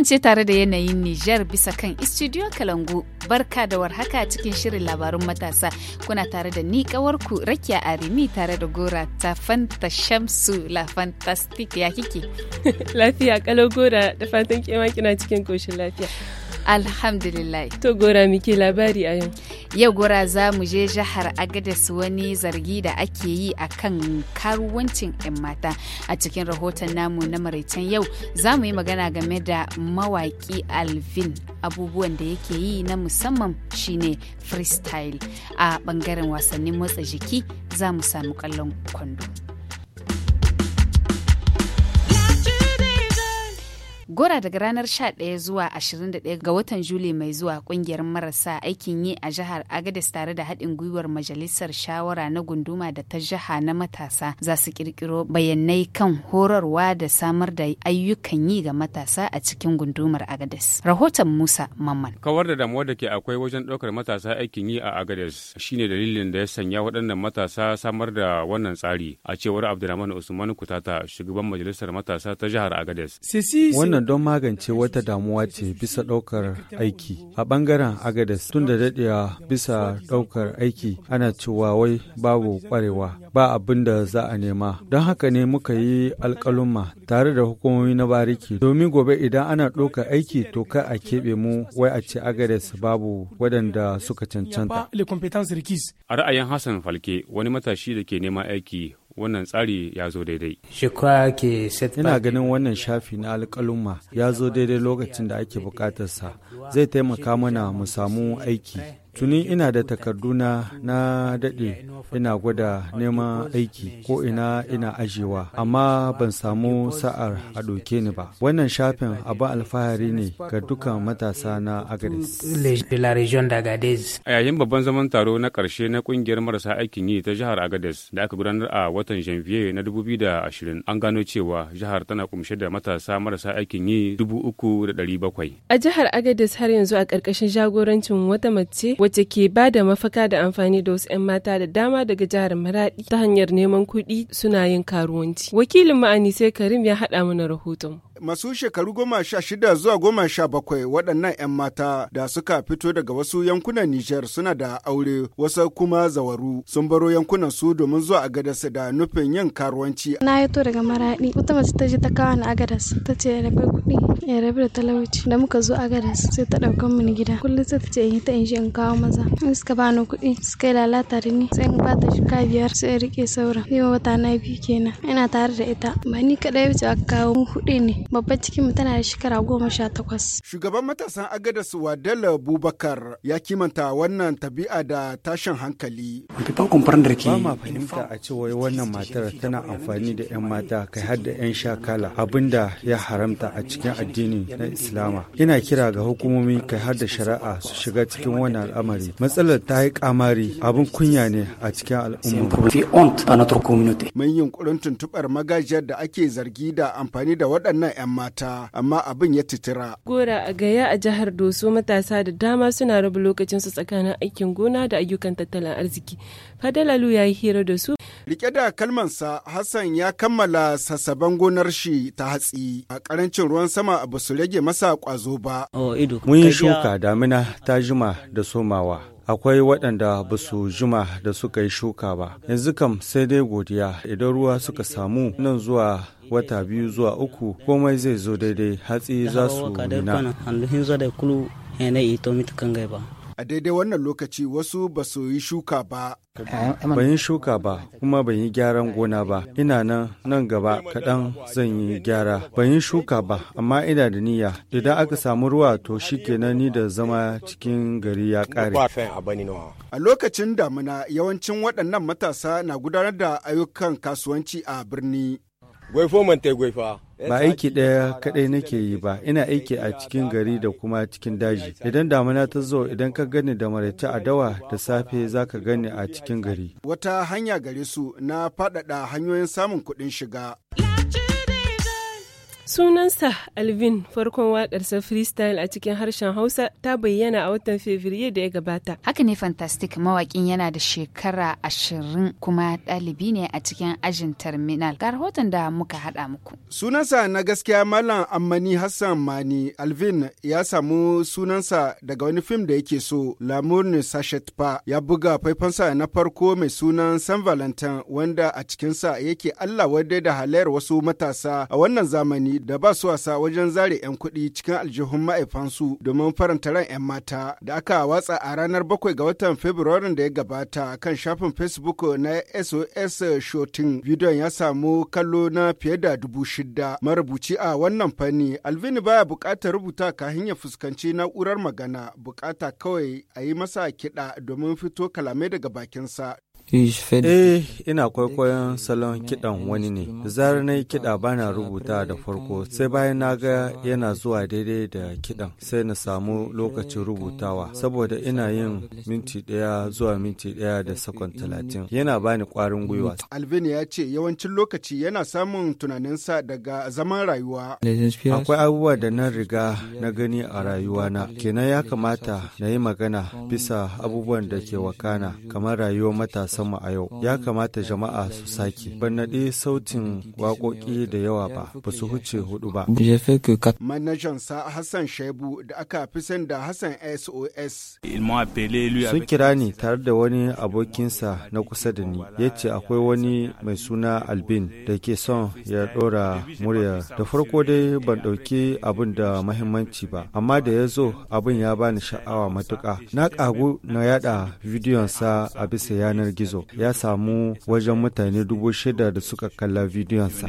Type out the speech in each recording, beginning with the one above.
kasance tare da yanayin Nijar bisa kan Studio Kalangu. Barka da warhaka cikin shirin labarun matasa. Kuna tare da ni kawarku Rakiya Arimi tare da Gora ta Fanta Shamsu La Fantastic ya kike. lafiya kalau Gora da fatan kema kina cikin koshin lafiya. Alhamdulillah. To gora muke labari a yau. Yau gora za mu je jihar Agadez wani zargi da ake yi a kan karuwancin 'yan mata. A cikin rahoton namu na maraicen yau za mu yi magana game da mawaki Alvin abubuwan da yake yi na musamman shine freestyle a bangaren wasannin motsa jiki za mu samu kallon kwando. gora daga ranar 11 zuwa 21 ga watan Juli mai zuwa kungiyar marasa aikin yi a jihar agadis tare da haɗin gwiwar Majalisar Shawara na Gunduma da ta jiha na matasa za su kirkiro bayanai kan horarwa da samar da ayyukan yi ga matasa a cikin gundumar agadis Rahoton Musa Mamman. Kawar da damuwa da ke akwai wajen ɗaukar matasa aikin yi a agadis shine dalilin da ya sanya waɗannan matasa samar da wannan tsari a cewar Abdulrahman Usman Kutata shugaban Majalisar Matasa ta jihar agadis. don magance wata damuwa ce bisa ɗaukar aiki. A ɓangaren Agadez tun da daɗewa bisa ɗaukar aiki ana cewa wai babu ƙwarewa ba abin da za a nema. Don haka ne muka yi alƙaluma tare da hukumomi na bariki domin gobe idan ana ɗaukar aiki to kai a keɓe mu wai a ce Agadez babu waɗanda suka cancanta. A ra'ayin Hassan Falke wani matashi da ke neman aiki wannan tsari ya zo daidai. Ina ganin wannan shafi na alƙalumma ya zo daidai lokacin da ake buƙatarsa zai taimaka mana mu samu aiki Tuni ina da takarduna na daɗe ina gwada neman aiki ko ina ina ajiyewa amma ban samu sa'ar a ɗauke ni ba. Wannan shafin abin alfahari ne ga dukkan matasa na Agades. A yayin babban zaman taro na ƙarshe na ƙungiyar marasa aikin yi ta jihar Agades da aka gudanar a watan Janvier na 2020 an gano cewa jihar tana kumshe da matasa marasa aikin yi 3,700. A jihar Agades har yanzu a ƙarƙashin jagorancin wata mace wacce ke ba da mafaka da amfani da wasu 'yan mata da dama daga jihar Maradi ta hanyar neman kuɗi suna yin karuwanci. Wakilin ma'ani sai Karim ya haɗa mana rahoton. masu shekaru goma sha shida zuwa goma sha bakwai waɗannan 'yan mata da suka fito daga wasu yankunan Nijar suna da aure wasu kuma zawaru sun baro yankunan su domin zuwa agadas da nufin yin karuwanci. Na to daga maraɗi wata mace ta je ta kawo ni agadas ta ce ya rabe kuɗi ya eh, rabe da talauci da muka zo agadas sai ta ɗaukan mini gida kullum sai ta ce in ta in je in kawo maza in suka bani kuɗi suka yi lalata da ni sai in ba ta shika biyar sai in riƙe sauran yau wata na biyu kenan ina tare da ita ba ni kaɗai ba kawo mu huɗu ne. babban cikinmu tana da shekara goma sha takwas. Shugaban matasan Agadas Wadala Bubakar ya kimanta wannan tabi'a da tashin hankali. Ba ma fahimta a cewa wannan matar tana amfani da 'yan mata kai har da 'yan shakala abinda ya haramta a cikin addini na Islama. Ina kira ga hukumomi kai har da shari'a su shiga cikin wannan al'amari. Matsalar ta yi kamari abin kunya ne a cikin al'umma. Mun yunkurin tuntuɓar magajiyar da ake zargi da amfani da waɗannan 'yan mata amma abin ya titira. Gora a gaya a jihar Doso matasa da dama suna raba lokacin su tsakanin aikin gona da ayyukan tattalin arziki. Fadalalu ya yi hira da su. Rike da kalmansa Hassan ya kammala sassaban gonar shi ta hatsi a karancin ruwan sama ba su rage masa kwazo ba. Oh, Mun yi shuka damina ta jima da somawa akwai waɗanda ba su juma da suka yi shuka ba yanzu kam sai dai godiya idan ruwa suka samu nan zuwa wata biyu zuwa uku komai zai zo daidai hatsi za su nuna a daidai wannan lokaci wasu ba su yi shuka ba. Ban yi shuka ba kuma ban yi gyaran gona ba. Ina nan nan gaba kaɗan zan yi gyara. Ban yi shuka ba amma ina da niyya. Idan aka samu ruwa to shi kenan ni da zama cikin gari ya ƙare. A lokacin damina yawancin waɗannan matasa na gudanar da ayyukan kasuwanci a birni. Gwaifo gwaifa. Ba aiki ɗaya kaɗai nake yi ba, ina aiki a cikin gari da kuma cikin daji. Idan damuna ta zo idan ka gani da maraice a dawa da safe za ka gani a cikin gari. Wata hanya gare su na faɗaɗa hanyoyin samun kuɗin shiga. Sunansa Alvin farkon waƙarsa freestyle a cikin harshen Hausa ta bayyana a watan fevriye da ya gabata. Haka ne Fantastic mawaƙin yana da shekara ashirin kuma ɗalibi ne a cikin ajin terminal. Ga rahoton da muka haɗa muku. Sunansa na gaskiya Malam Ammani Hassan Mani Alvin ya samu sunansa daga wani fim da yake so Lamour ne Sachet Pa ya buga faifansa na farko mai sunan San Valentin wanda a cikinsa yake Allah wadda da halayar wasu matasa a wannan zamani da ba su wasa wajen zare 'yan kuɗi cikin aljihun ma'aifansu domin faranta ran 'yan mata da aka watsa a ranar 7 ga watan Fabrairun da ya gabata kan shafin Facebook na SOS Shooting. Bidiyon ya samu kallo na fiye da dubu shida. Marubuci a wannan fanni, Alvini baya buƙatar rubuta kahin ya fuskanci na'urar magana, buƙata kawai a yi masa kiɗa domin fito kalamai daga bakinsa. Eh, ina kwaikwayon salon kiɗan wani ne. Zarar na yi kiɗa bana rubuta da farko, sai bayan na ga yana zuwa daidai da kiɗan, sai na samu lokacin rubutawa, saboda ina yin minti ɗaya zuwa minti ɗaya da sakon talatin. Yana bani ƙwarin gwiwa. Alvin ya ce yawancin lokaci yana samun tunaninsa daga zaman rayuwa. Akwai abubuwa da na riga na gani a rayuwa na kenan ya kamata na yi magana bisa abubuwan da ke wakana, kamar rayuwar matasa musamman a yau oh, ya kamata jama'a su sake ban naɗe sautin waƙoƙi da yawa ba ba su huce hudu ba. manajan sa hassan shaibu da aka fi da hassan sos sun kira ni tare da wani abokinsa na kusa da ni ya ce akwai wani mai suna albin da ke son ya ɗora murya da farko dai ban ɗauki abin da mahimmanci ba amma da ya zo abin ya bani sha'awa matuƙa na ƙagu na yada sa a bisa yanar gizo gizo ya samu wajen mutane dubu shida da suka kalla bidiyonsa.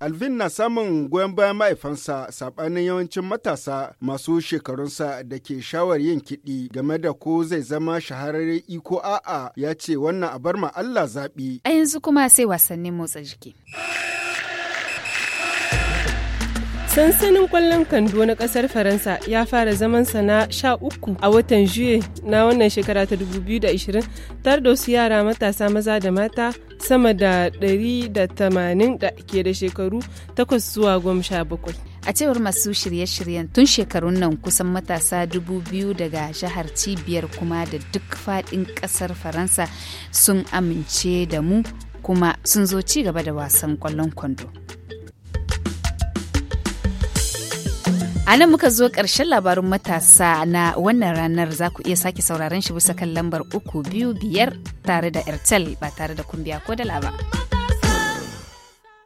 Alvin na samun goyon bayan mahaifansa saɓanin yawancin matasa masu shekarunsa da ke shawar yin kiɗi game da ko zai zama shahararre iko a'a ya ce wannan abar ma Allah zaɓi. A yanzu kuma sai wasannin motsa jiki. Sansanin kwallon kando na kasar Faransa ya fara zaman na sha uku a watan Juye na wannan shekara ta 2020 tare da wasu yara matasa maza da mata sama da 180 da ke da shekaru 8 zuwa 17. a cewar masu shirye-shiryen tun shekarun nan kusan matasa dubu biyu daga jihar cibiyar kuma da duk fadin kasar faransa sun amince da mu kuma sun zo ci gaba da wasan kwallon kwando A nan muka zo ƙarshen labarin matasa na wannan ranar za ku iya sake sauraron shi bisa kan lambar uku biyu biyar tare da Airtel ba tare da kumbiya ko da laba.